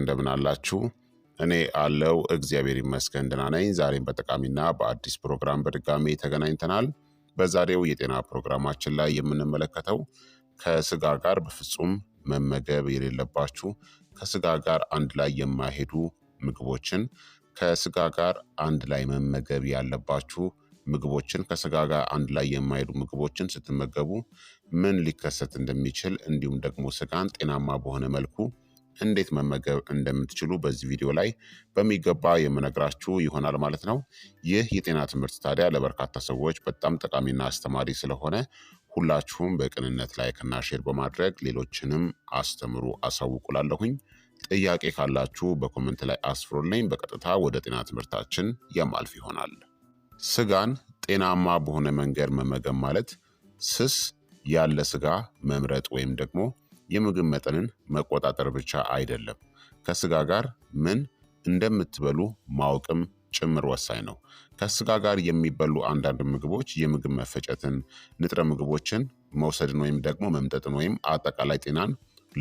እንደምን አላችሁ? እኔ አለው እግዚአብሔር ይመስገን ደህና ነኝ። ዛሬም በጠቃሚና በአዲስ ፕሮግራም በድጋሚ ተገናኝተናል። በዛሬው የጤና ፕሮግራማችን ላይ የምንመለከተው ከስጋ ጋር በፍጹም መመገብ የሌለባችሁ ከስጋ ጋር አንድ ላይ የማይሄዱ ምግቦችን፣ ከስጋ ጋር አንድ ላይ መመገብ ያለባችሁ ምግቦችን፣ ከስጋ ጋር አንድ ላይ የማይሄዱ ምግቦችን ስትመገቡ ምን ሊከሰት እንደሚችል እንዲሁም ደግሞ ስጋን ጤናማ በሆነ መልኩ እንዴት መመገብ እንደምትችሉ በዚህ ቪዲዮ ላይ በሚገባ የምነግራችሁ ይሆናል ማለት ነው። ይህ የጤና ትምህርት ታዲያ ለበርካታ ሰዎች በጣም ጠቃሚና አስተማሪ ስለሆነ ሁላችሁም በቅንነት ላይክና ሼር በማድረግ ሌሎችንም አስተምሩ፣ አሳውቁላለሁኝ። ጥያቄ ካላችሁ በኮመንት ላይ አስፍሩልኝ። በቀጥታ ወደ ጤና ትምህርታችን የማልፍ ይሆናል። ስጋን ጤናማ በሆነ መንገድ መመገብ ማለት ስስ ያለ ስጋ መምረጥ ወይም ደግሞ የምግብ መጠንን መቆጣጠር ብቻ አይደለም፣ ከስጋ ጋር ምን እንደምትበሉ ማወቅም ጭምር ወሳኝ ነው። ከስጋ ጋር የሚበሉ አንዳንድ ምግቦች የምግብ መፈጨትን፣ ንጥረ ምግቦችን መውሰድን ወይም ደግሞ መምጠጥን ወይም አጠቃላይ ጤናን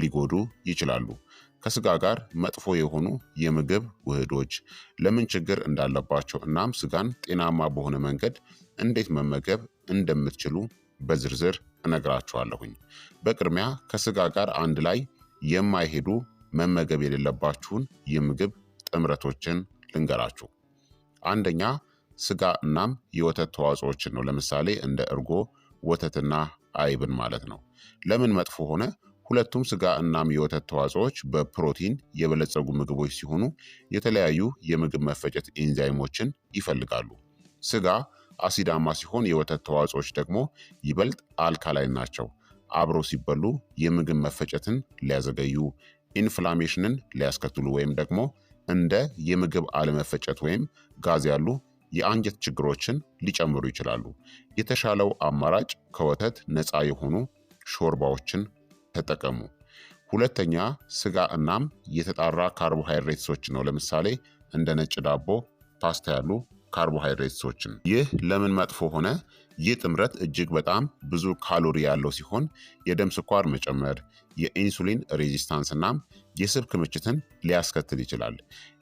ሊጎዱ ይችላሉ። ከስጋ ጋር መጥፎ የሆኑ የምግብ ውህዶች ለምን ችግር እንዳለባቸው እናም ስጋን ጤናማ በሆነ መንገድ እንዴት መመገብ እንደምትችሉ በዝርዝር እነግራችኋለሁኝ። በቅድሚያ ከስጋ ጋር አንድ ላይ የማይሄዱ መመገብ የሌለባችሁን የምግብ ጥምረቶችን ልንገራችሁ። አንደኛ ስጋ እናም የወተት ተዋጽኦችን ነው። ለምሳሌ እንደ እርጎ፣ ወተትና አይብን ማለት ነው። ለምን መጥፎ ሆነ? ሁለቱም ስጋ እናም የወተት ተዋጽኦች በፕሮቲን የበለጸጉ ምግቦች ሲሆኑ የተለያዩ የምግብ መፈጨት ኤንዛይሞችን ይፈልጋሉ። ስጋ አሲዳማ ሲሆን የወተት ተዋጽኦች ደግሞ ይበልጥ አልካላይ ናቸው። አብረው ሲበሉ የምግብ መፈጨትን ሊያዘገዩ፣ ኢንፍላሜሽንን ሊያስከትሉ ወይም ደግሞ እንደ የምግብ አለመፈጨት ወይም ጋዝ ያሉ የአንጀት ችግሮችን ሊጨምሩ ይችላሉ። የተሻለው አማራጭ ከወተት ነፃ የሆኑ ሾርባዎችን ተጠቀሙ። ሁለተኛ ስጋ እናም የተጣራ ካርቦሃይድሬትሶች ነው። ለምሳሌ እንደ ነጭ ዳቦ፣ ፓስታ ያሉ ካርቦሃይድሬትሶችን። ይህ ለምን መጥፎ ሆነ? ይህ ጥምረት እጅግ በጣም ብዙ ካሎሪ ያለው ሲሆን የደም ስኳር መጨመር፣ የኢንሱሊን ሬዚስታንስ እናም የስብ ክምችትን ሊያስከትል ይችላል።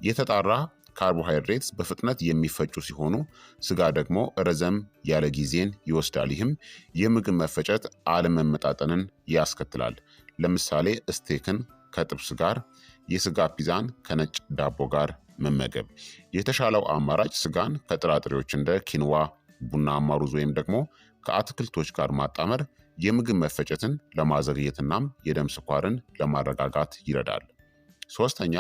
የተጣራ ካርቦሃይድሬትስ በፍጥነት የሚፈጩ ሲሆኑ ስጋ ደግሞ ረዘም ያለ ጊዜን ይወስዳል። ይህም የምግብ መፈጨት አለመመጣጠንን ያስከትላል። ለምሳሌ ስቴክን ከጥብስ ጋር፣ የስጋ ፒዛን ከነጭ ዳቦ ጋር መመገብ። የተሻለው አማራጭ ስጋን ከጥራጥሬዎች እንደ ኪንዋ፣ ቡናማ ሩዝ ወይም ደግሞ ከአትክልቶች ጋር ማጣመር የምግብ መፈጨትን ለማዘግየት እናም የደም ስኳርን ለማረጋጋት ይረዳል። ሶስተኛ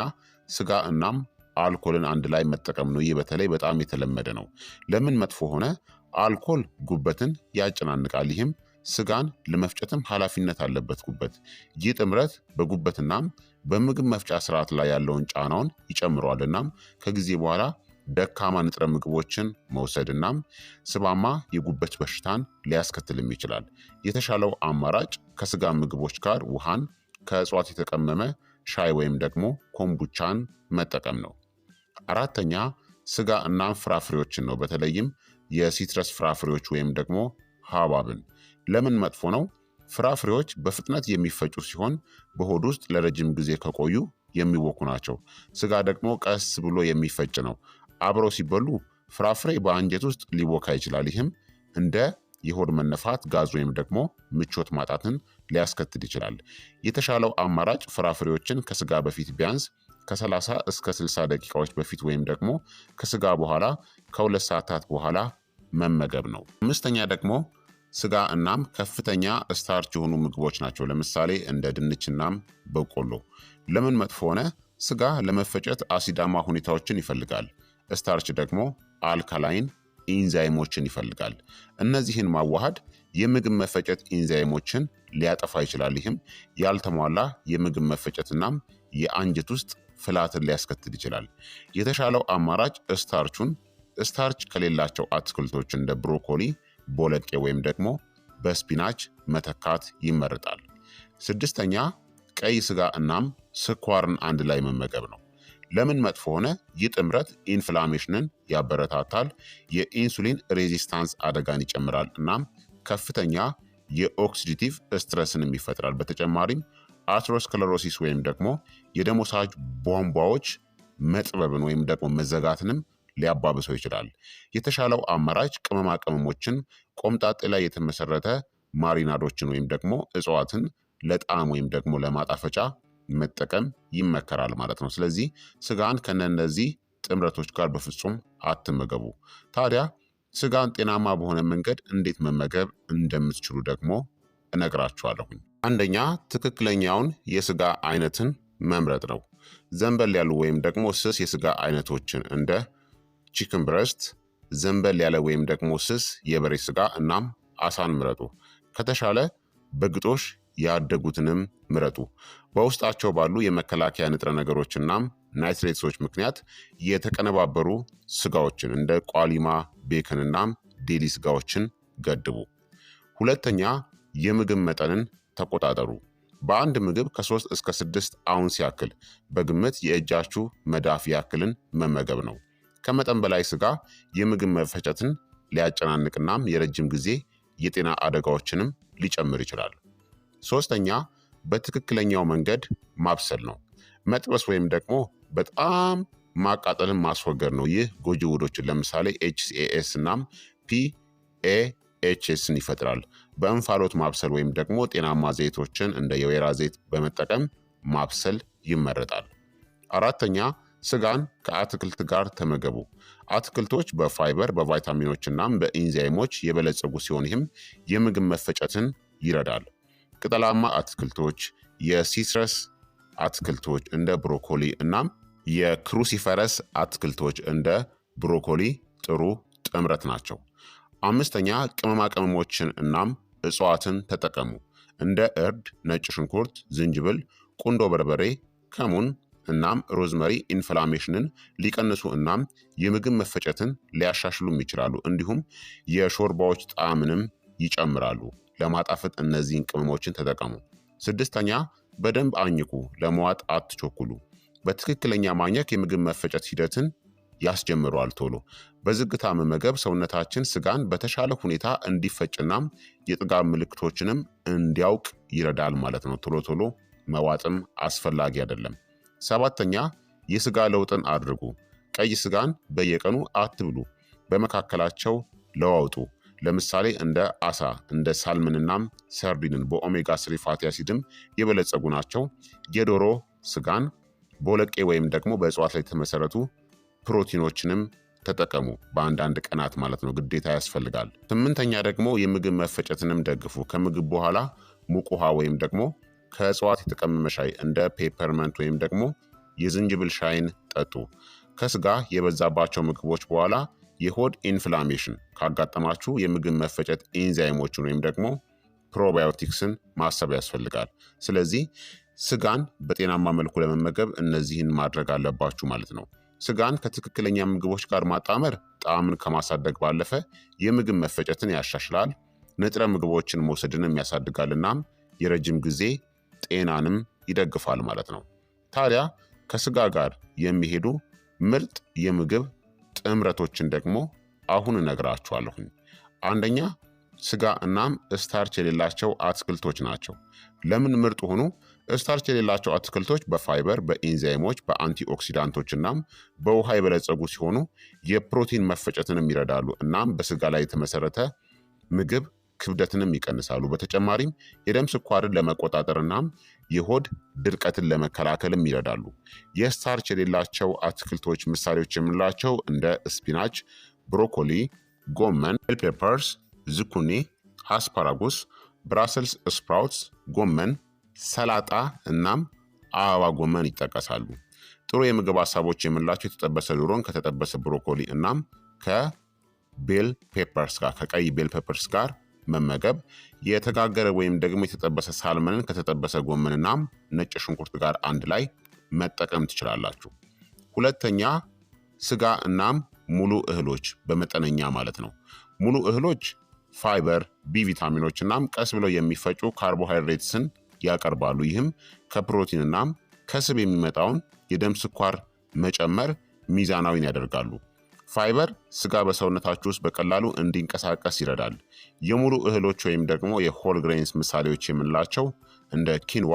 ስጋ እናም አልኮልን አንድ ላይ መጠቀም ነው። ይህ በተለይ በጣም የተለመደ ነው። ለምን መጥፎ ሆነ? አልኮል ጉበትን ያጨናንቃል። ይህም ስጋን ለመፍጨትም ኃላፊነት አለበት ጉበት። ይህ ጥምረት በጉበትናም በምግብ መፍጫ ስርዓት ላይ ያለውን ጫናውን ይጨምረዋል። እናም ከጊዜ በኋላ ደካማ ንጥረ ምግቦችን መውሰድ እናም ስባማ የጉበት በሽታን ሊያስከትልም ይችላል። የተሻለው አማራጭ ከስጋ ምግቦች ጋር ውሃን፣ ከእጽዋት የተቀመመ ሻይ ወይም ደግሞ ኮምቡቻን መጠቀም ነው። አራተኛ ስጋ እናም ፍራፍሬዎችን ነው። በተለይም የሲትረስ ፍራፍሬዎች ወይም ደግሞ ሀባብን ለምን መጥፎ ነው? ፍራፍሬዎች በፍጥነት የሚፈጩ ሲሆን በሆድ ውስጥ ለረጅም ጊዜ ከቆዩ የሚወኩ ናቸው። ስጋ ደግሞ ቀስ ብሎ የሚፈጭ ነው። አብረው ሲበሉ ፍራፍሬ በአንጀት ውስጥ ሊወካ ይችላል። ይህም እንደ የሆድ መነፋት፣ ጋዝ ወይም ደግሞ ምቾት ማጣትን ሊያስከትል ይችላል። የተሻለው አማራጭ ፍራፍሬዎችን ከስጋ በፊት ቢያንስ ከ30 እስከ 60 ደቂቃዎች በፊት ወይም ደግሞ ከስጋ በኋላ ከሁለት ሰዓታት በኋላ መመገብ ነው። አምስተኛ ደግሞ ስጋ እናም ከፍተኛ ስታርች የሆኑ ምግቦች ናቸው። ለምሳሌ እንደ ድንችናም በቆሎ። ለምን መጥፎ ሆነ? ስጋ ለመፈጨት አሲዳማ ሁኔታዎችን ይፈልጋል። ስታርች ደግሞ አልካላይን ኢንዛይሞችን ይፈልጋል። እነዚህን ማዋሃድ የምግብ መፈጨት ኢንዛይሞችን ሊያጠፋ ይችላል። ይህም ያልተሟላ የምግብ መፈጨትናም የአንጀት ውስጥ ፍላትን ሊያስከትል ይችላል። የተሻለው አማራጭ ስታርቹን ስታርች ከሌላቸው አትክልቶች እንደ ብሮኮሊ ቦለቄ ወይም ደግሞ በስፒናች መተካት ይመረጣል። ስድስተኛ ቀይ ስጋ እናም ስኳርን አንድ ላይ መመገብ ነው። ለምን መጥፎ ሆነ? ይህ ጥምረት ኢንፍላሜሽንን ያበረታታል፣ የኢንሱሊን ሬዚስታንስ አደጋን ይጨምራል፣ እናም ከፍተኛ የኦክሲዲቲቭ ስትረስንም ይፈጥራል። በተጨማሪም አትሮስክለሮሲስ ወይም ደግሞ የደሞሳጅ ቧንቧዎች መጥበብን ወይም ደግሞ መዘጋትንም ሊያባብሰው ይችላል። የተሻለው አማራጭ ቅመማ ቅመሞችን ቆምጣጤ ላይ የተመሰረተ ማሪናዶችን ወይም ደግሞ እጽዋትን ለጣዕም ወይም ደግሞ ለማጣፈጫ መጠቀም ይመከራል ማለት ነው። ስለዚህ ስጋን ከነነዚህ ጥምረቶች ጋር በፍጹም አትመገቡ። ታዲያ ስጋን ጤናማ በሆነ መንገድ እንዴት መመገብ እንደምትችሉ ደግሞ እነግራችኋለሁኝ። አንደኛ ትክክለኛውን የስጋ አይነትን መምረጥ ነው። ዘንበል ያሉ ወይም ደግሞ ስስ የስጋ አይነቶችን እንደ ቺክን ብረስት፣ ዘንበል ያለ ወይም ደግሞ ስስ የበሬ ስጋ እናም አሳን ምረጡ። ከተሻለ በግጦሽ ያደጉትንም ምረጡ። በውስጣቸው ባሉ የመከላከያ ንጥረ ነገሮች እናም ናይትሬትሶች ምክንያት የተቀነባበሩ ስጋዎችን እንደ ቋሊማ፣ ቤክን እናም ዴሊ ስጋዎችን ገድቡ። ሁለተኛ የምግብ መጠንን ተቆጣጠሩ። በአንድ ምግብ ከ3 እስከ 6 አውንስ ያክል በግምት የእጃችሁ መዳፍ ያክልን መመገብ ነው። ከመጠን በላይ ስጋ የምግብ መፈጨትን ሊያጨናንቅናም የረጅም ጊዜ የጤና አደጋዎችንም ሊጨምር ይችላል። ሶስተኛ በትክክለኛው መንገድ ማብሰል ነው። መጥበስ ወይም ደግሞ በጣም ማቃጠልን ማስወገድ ነው። ይህ ጎጂ ውህዶችን ለምሳሌ ኤችሲኤስ እናም ፒኤኤችኤስን ይፈጥራል። በእንፋሎት ማብሰል ወይም ደግሞ ጤናማ ዘይቶችን እንደ የወይራ ዘይት በመጠቀም ማብሰል ይመረጣል። አራተኛ ስጋን ከአትክልት ጋር ተመገቡ። አትክልቶች በፋይበር በቫይታሚኖች እናም በኢንዛይሞች የበለጸጉ ሲሆን ይህም የምግብ መፈጨትን ይረዳል። ቅጠላማ አትክልቶች፣ የሲትረስ አትክልቶች እንደ ብሮኮሊ እናም የክሩሲፈረስ አትክልቶች እንደ ብሮኮሊ ጥሩ ጥምረት ናቸው። አምስተኛ ቅመማ ቅመሞችን እናም እጽዋትን ተጠቀሙ። እንደ እርድ፣ ነጭ ሽንኩርት፣ ዝንጅብል፣ ቁንዶ በርበሬ፣ ከሙን እናም ሮዝመሪ ኢንፍላሜሽንን ሊቀንሱ እናም የምግብ መፈጨትን ሊያሻሽሉም ይችላሉ። እንዲሁም የሾርባዎች ጣዕምንም ይጨምራሉ። ለማጣፈጥ እነዚህን ቅመሞችን ተጠቀሙ። ስድስተኛ በደንብ አኝኩ። ለመዋጥ አትቸኩሉ። በትክክለኛ ማኘክ የምግብ መፈጨት ሂደትን ያስጀምረዋል። ቶሎ በዝግታ መመገብ ሰውነታችን ስጋን በተሻለ ሁኔታ እንዲፈጭናም የጥጋብ ምልክቶችንም እንዲያውቅ ይረዳል ማለት ነው። ቶሎ ቶሎ መዋጥም አስፈላጊ አይደለም። ሰባተኛ የስጋ ለውጥን አድርጉ። ቀይ ስጋን በየቀኑ አትብሉ፣ በመካከላቸው ለዋውጡ። ለምሳሌ እንደ አሳ፣ እንደ ሳልምንናም ሰርዲንን በኦሜጋ ስሪ ፋቲ አሲድም የበለጸጉ ናቸው። የዶሮ ስጋን በወለቄ ወይም ደግሞ በእጽዋት ላይ የተመሰረቱ ፕሮቲኖችንም ተጠቀሙ። በአንዳንድ ቀናት ማለት ነው፣ ግዴታ ያስፈልጋል። ስምንተኛ ደግሞ የምግብ መፈጨትንም ደግፉ። ከምግብ በኋላ ሙቅ ውሃ ወይም ደግሞ ከእጽዋት የተቀመመ ሻይ እንደ ፔፐርመንት ወይም ደግሞ የዝንጅብል ሻይን ጠጡ። ከስጋ የበዛባቸው ምግቦች በኋላ የሆድ ኢንፍላሜሽን ካጋጠማችሁ የምግብ መፈጨት ኤንዛይሞችን ወይም ደግሞ ፕሮባዮቲክስን ማሰብ ያስፈልጋል። ስለዚህ ስጋን በጤናማ መልኩ ለመመገብ እነዚህን ማድረግ አለባችሁ ማለት ነው። ስጋን ከትክክለኛ ምግቦች ጋር ማጣመር ጣዕምን ከማሳደግ ባለፈ የምግብ መፈጨትን ያሻሽላል፣ ንጥረ ምግቦችን መውሰድንም ያሳድጋል። እናም የረጅም ጊዜ ጤናንም ይደግፋል ማለት ነው። ታዲያ ከስጋ ጋር የሚሄዱ ምርጥ የምግብ ጥምረቶችን ደግሞ አሁን እነግራችኋለሁኝ። አንደኛ ስጋ እናም ስታርች የሌላቸው አትክልቶች ናቸው። ለምን ምርጥ ሆኑ? ስታርች የሌላቸው አትክልቶች በፋይበር፣ በኢንዛይሞች፣ በአንቲኦክሲዳንቶች እናም በውሃ የበለጸጉ ሲሆኑ የፕሮቲን መፈጨትንም ይረዳሉ። እናም በስጋ ላይ የተመሰረተ ምግብ ክብደትንም ይቀንሳሉ። በተጨማሪም የደም ስኳርን ለመቆጣጠር እናም የሆድ ድርቀትን ለመከላከልም ይረዳሉ። የስታርች የሌላቸው አትክልቶች ምሳሌዎች የምንላቸው እንደ ስፒናች፣ ብሮኮሊ፣ ጎመን፣ ቤል ፔፐርስ፣ ዝኩኒ፣ አስፓራጉስ፣ ብራሰልስ ስፕራውትስ፣ ጎመን፣ ሰላጣ እናም አበባ ጎመን ይጠቀሳሉ። ጥሩ የምግብ ሀሳቦች የምንላቸው የተጠበሰ ዶሮን ከተጠበሰ ብሮኮሊ እናም ከቤል ፔፐርስ ጋር ከቀይ ቤል ፔፐርስ ጋር መመገብ የተጋገረ ወይም ደግሞ የተጠበሰ ሳልመንን ከተጠበሰ ጎመንና ነጭ ሽንኩርት ጋር አንድ ላይ መጠቀም ትችላላችሁ። ሁለተኛ ስጋ እናም ሙሉ እህሎች በመጠነኛ ማለት ነው። ሙሉ እህሎች ፋይበር፣ ቢ ቪታሚኖች እናም ቀስ ብለው የሚፈጩ ካርቦሃይድሬትስን ያቀርባሉ። ይህም ከፕሮቲን እናም ከስብ የሚመጣውን የደም ስኳር መጨመር ሚዛናዊን ያደርጋሉ። ፋይበር ስጋ በሰውነታችሁ ውስጥ በቀላሉ እንዲንቀሳቀስ ይረዳል። የሙሉ እህሎች ወይም ደግሞ የሆል ግሬንስ ምሳሌዎች የምንላቸው እንደ ኪንዋ፣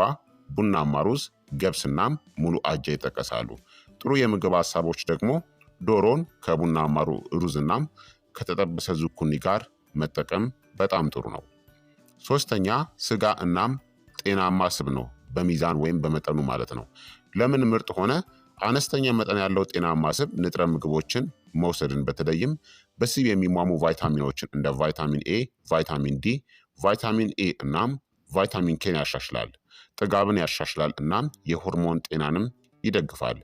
ቡናማ ሩዝ፣ ገብስናም ሙሉ አጃ ይጠቀሳሉ። ጥሩ የምግብ ሀሳቦች ደግሞ ዶሮን ከቡናማ ሩዝናም ከተጠበሰ ዙኩኒ ጋር መጠቀም በጣም ጥሩ ነው። ሶስተኛ ስጋ እናም ጤናማ ስብ ነው፣ በሚዛን ወይም በመጠኑ ማለት ነው። ለምን ምርጥ ሆነ? አነስተኛ መጠን ያለው ጤናማ ስብ ንጥረ ምግቦችን መውሰድን በተለይም በስብ የሚሟሙ ቫይታሚኖችን እንደ ቫይታሚን ኤ፣ ቫይታሚን ዲ፣ ቫይታሚን ኤ እናም ቫይታሚን ኬን ያሻሽላል። ጥጋብን ያሻሽላል እናም የሆርሞን ጤናንም ይደግፋል።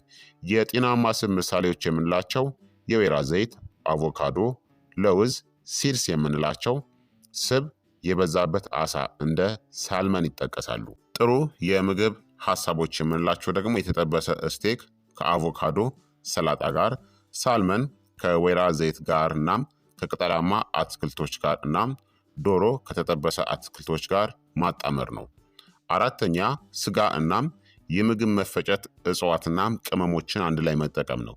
የጤናማ ስብ ምሳሌዎች የምንላቸው የወይራ ዘይት፣ አቮካዶ፣ ለውዝ፣ ሲልስ የምንላቸው ስብ የበዛበት አሳ እንደ ሳልመን ይጠቀሳሉ። ጥሩ የምግብ ሀሳቦች የምንላቸው ደግሞ የተጠበሰ ስቴክ ከአቮካዶ ሰላጣ ጋር፣ ሳልመን ከወይራ ዘይት ጋር እናም ከቅጠላማ አትክልቶች ጋር እናም ዶሮ ከተጠበሰ አትክልቶች ጋር ማጣመር ነው። አራተኛ ስጋ እናም የምግብ መፈጨት እጽዋትናም ቅመሞችን አንድ ላይ መጠቀም ነው።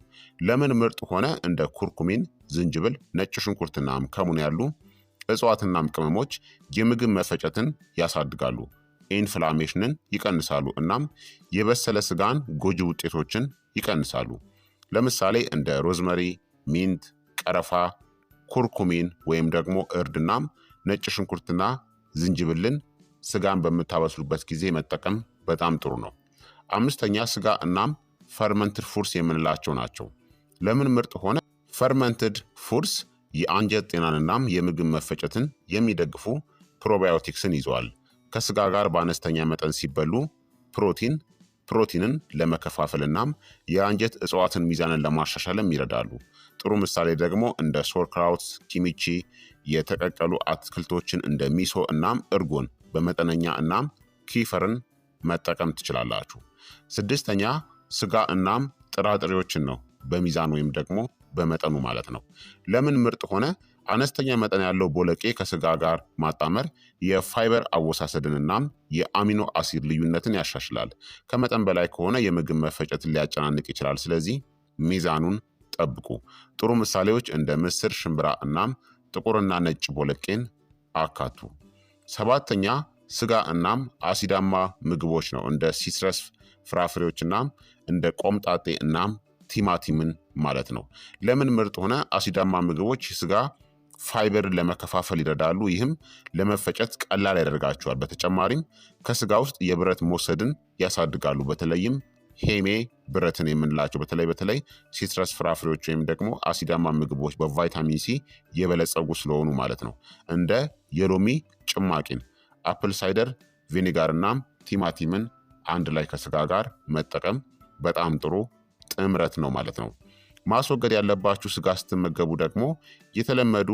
ለምን ምርጥ ሆነ? እንደ ኩርኩሚን፣ ዝንጅብል፣ ነጭ ሽንኩርትናም ከሙን ያሉ እጽዋትናም ቅመሞች የምግብ መፈጨትን ያሳድጋሉ። ኢንፍላሜሽንን ይቀንሳሉ። እናም የበሰለ ስጋን ጎጂ ውጤቶችን ይቀንሳሉ። ለምሳሌ እንደ ሮዝመሪ፣ ሚንት፣ ቀረፋ፣ ኩርኩሚን ወይም ደግሞ እርድ እናም ነጭ ሽንኩርትና ዝንጅብልን ስጋን በምታበስሉበት ጊዜ መጠቀም በጣም ጥሩ ነው። አምስተኛ ስጋ እናም ፈርመንትድ ፉርስ የምንላቸው ናቸው። ለምን ምርጥ ሆነ? ፈርመንትድ ፉርስ የአንጀት ጤናን የምግብ መፈጨትን የሚደግፉ ፕሮባዮቲክስን ይዘዋል። ከስጋ ጋር በአነስተኛ መጠን ሲበሉ ፕሮቲን ፕሮቲንን ለመከፋፈል እናም የአንጀት እጽዋትን ሚዛንን ለማሻሻልም ይረዳሉ። ጥሩ ምሳሌ ደግሞ እንደ ሶርክራውት፣ ኪሚቺ፣ የተቀቀሉ አትክልቶችን እንደ ሚሶ እናም እርጎን በመጠነኛ እናም ኪፈርን መጠቀም ትችላላችሁ። ስድስተኛ ስጋ እናም ጥራጥሬዎችን ነው፣ በሚዛን ወይም ደግሞ በመጠኑ ማለት ነው። ለምን ምርጥ ሆነ? አነስተኛ መጠን ያለው ቦለቄ ከስጋ ጋር ማጣመር የፋይበር አወሳሰድንና የአሚኖ አሲድ ልዩነትን ያሻሽላል። ከመጠን በላይ ከሆነ የምግብ መፈጨትን ሊያጨናንቅ ይችላል። ስለዚህ ሚዛኑን ጠብቁ። ጥሩ ምሳሌዎች እንደ ምስር፣ ሽምብራ እናም ጥቁርና ነጭ ቦለቄን አካቱ። ሰባተኛ ስጋ እናም አሲዳማ ምግቦች ነው። እንደ ሲትረስ ፍራፍሬዎች እንደ ቆምጣጤ እናም ቲማቲምን ማለት ነው። ለምን ምርጥ ሆነ? አሲዳማ ምግቦች ስጋ ፋይበርን ለመከፋፈል ይረዳሉ። ይህም ለመፈጨት ቀላል ያደርጋቸዋል። በተጨማሪም ከስጋ ውስጥ የብረት መውሰድን ያሳድጋሉ። በተለይም ሄሜ ብረትን የምንላቸው በተለይ በተለይ ሲትረስ ፍራፍሬዎች ወይም ደግሞ አሲዳማ ምግቦች በቫይታሚን ሲ የበለጸጉ ስለሆኑ ማለት ነው። እንደ የሎሚ ጭማቂን፣ አፕል ሳይደር ቪኒጋር ቲማቲምን አንድ ላይ ከስጋ ጋር መጠቀም በጣም ጥሩ ጥምረት ነው ማለት ነው። ማስወገድ ያለባችሁ ስጋ ስትመገቡ ደግሞ የተለመዱ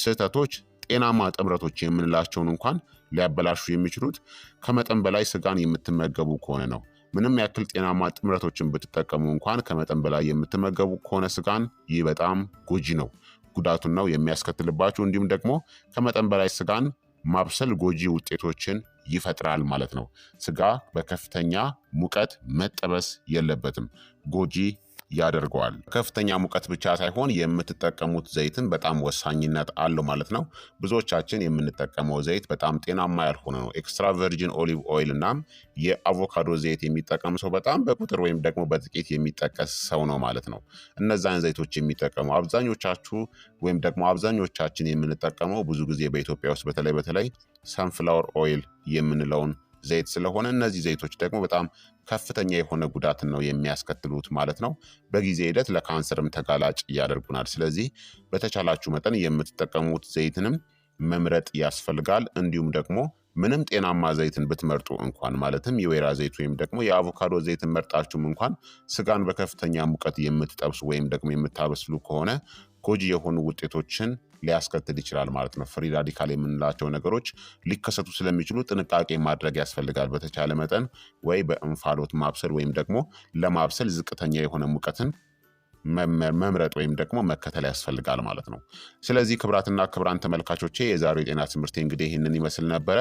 ስህተቶች ጤናማ ጥምረቶች የምንላቸውን እንኳን ሊያበላሹ የሚችሉት ከመጠን በላይ ስጋን የምትመገቡ ከሆነ ነው። ምንም ያክል ጤናማ ጥምረቶችን ብትጠቀሙ እንኳን ከመጠን በላይ የምትመገቡ ከሆነ ስጋን ይህ በጣም ጎጂ ነው። ጉዳቱን ነው የሚያስከትልባችሁ። እንዲሁም ደግሞ ከመጠን በላይ ስጋን ማብሰል ጎጂ ውጤቶችን ይፈጥራል ማለት ነው። ስጋ በከፍተኛ ሙቀት መጠበስ የለበትም። ጎጂ ያደርገዋል። ከፍተኛ ሙቀት ብቻ ሳይሆን የምትጠቀሙት ዘይትን በጣም ወሳኝነት አለው ማለት ነው። ብዙዎቻችን የምንጠቀመው ዘይት በጣም ጤናማ ያልሆነ ነው። ኤክስትራ ቨርጂን ኦሊቭ ኦይል እናም የአቮካዶ ዘይት የሚጠቀም ሰው በጣም በቁጥር ወይም ደግሞ በጥቂት የሚጠቀስ ሰው ነው ማለት ነው። እነዛን ዘይቶች የሚጠቀሙ አብዛኞቻችሁ ወይም ደግሞ አብዛኞቻችን የምንጠቀመው ብዙ ጊዜ በኢትዮጵያ ውስጥ በተለይ በተለይ ሰንፍላወር ኦይል የምንለውን ዘይት ስለሆነ እነዚህ ዘይቶች ደግሞ በጣም ከፍተኛ የሆነ ጉዳትን ነው የሚያስከትሉት ማለት ነው። በጊዜ ሂደት ለካንሰርም ተጋላጭ ያደርጉናል። ስለዚህ በተቻላችሁ መጠን የምትጠቀሙት ዘይትንም መምረጥ ያስፈልጋል። እንዲሁም ደግሞ ምንም ጤናማ ዘይትን ብትመርጡ እንኳን ማለትም የወይራ ዘይት ወይም ደግሞ የአቮካዶ ዘይትን መርጣችሁም እንኳን ስጋን በከፍተኛ ሙቀት የምትጠብሱ ወይም ደግሞ የምታበስሉ ከሆነ ጎጂ የሆኑ ውጤቶችን ሊያስከትል ይችላል ማለት ነው። ፍሪ ራዲካል የምንላቸው ነገሮች ሊከሰቱ ስለሚችሉ ጥንቃቄ ማድረግ ያስፈልጋል። በተቻለ መጠን ወይ በእንፋሎት ማብሰል ወይም ደግሞ ለማብሰል ዝቅተኛ የሆነ ሙቀትን መምረጥ ወይም ደግሞ መከተል ያስፈልጋል ማለት ነው። ስለዚህ ክብራትና ክብራን ተመልካቾቼ የዛሬው የጤና ትምህርት እንግዲህ ይህንን ይመስል ነበረ።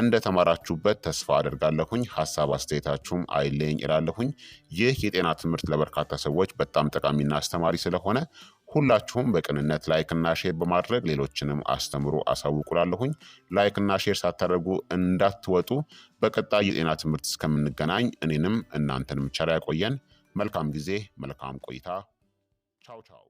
እንደተማራችሁበት ተስፋ አደርጋለሁኝ። ሀሳብ አስተያየታችሁም አይለኝ እላለሁኝ። ይህ የጤና ትምህርት ለበርካታ ሰዎች በጣም ጠቃሚና አስተማሪ ስለሆነ ሁላችሁም በቅንነት ላይክና ሼር በማድረግ ሌሎችንም አስተምሩ አሳውቁላለሁኝ። ላይክና ሼር ሳታደርጉ እንዳትወጡ። በቀጣይ የጤና ትምህርት እስከምንገናኝ እኔንም እናንተንም ቸር ያቆየን። መልካም ጊዜ፣ መልካም ቆይታ። ቻው ቻው።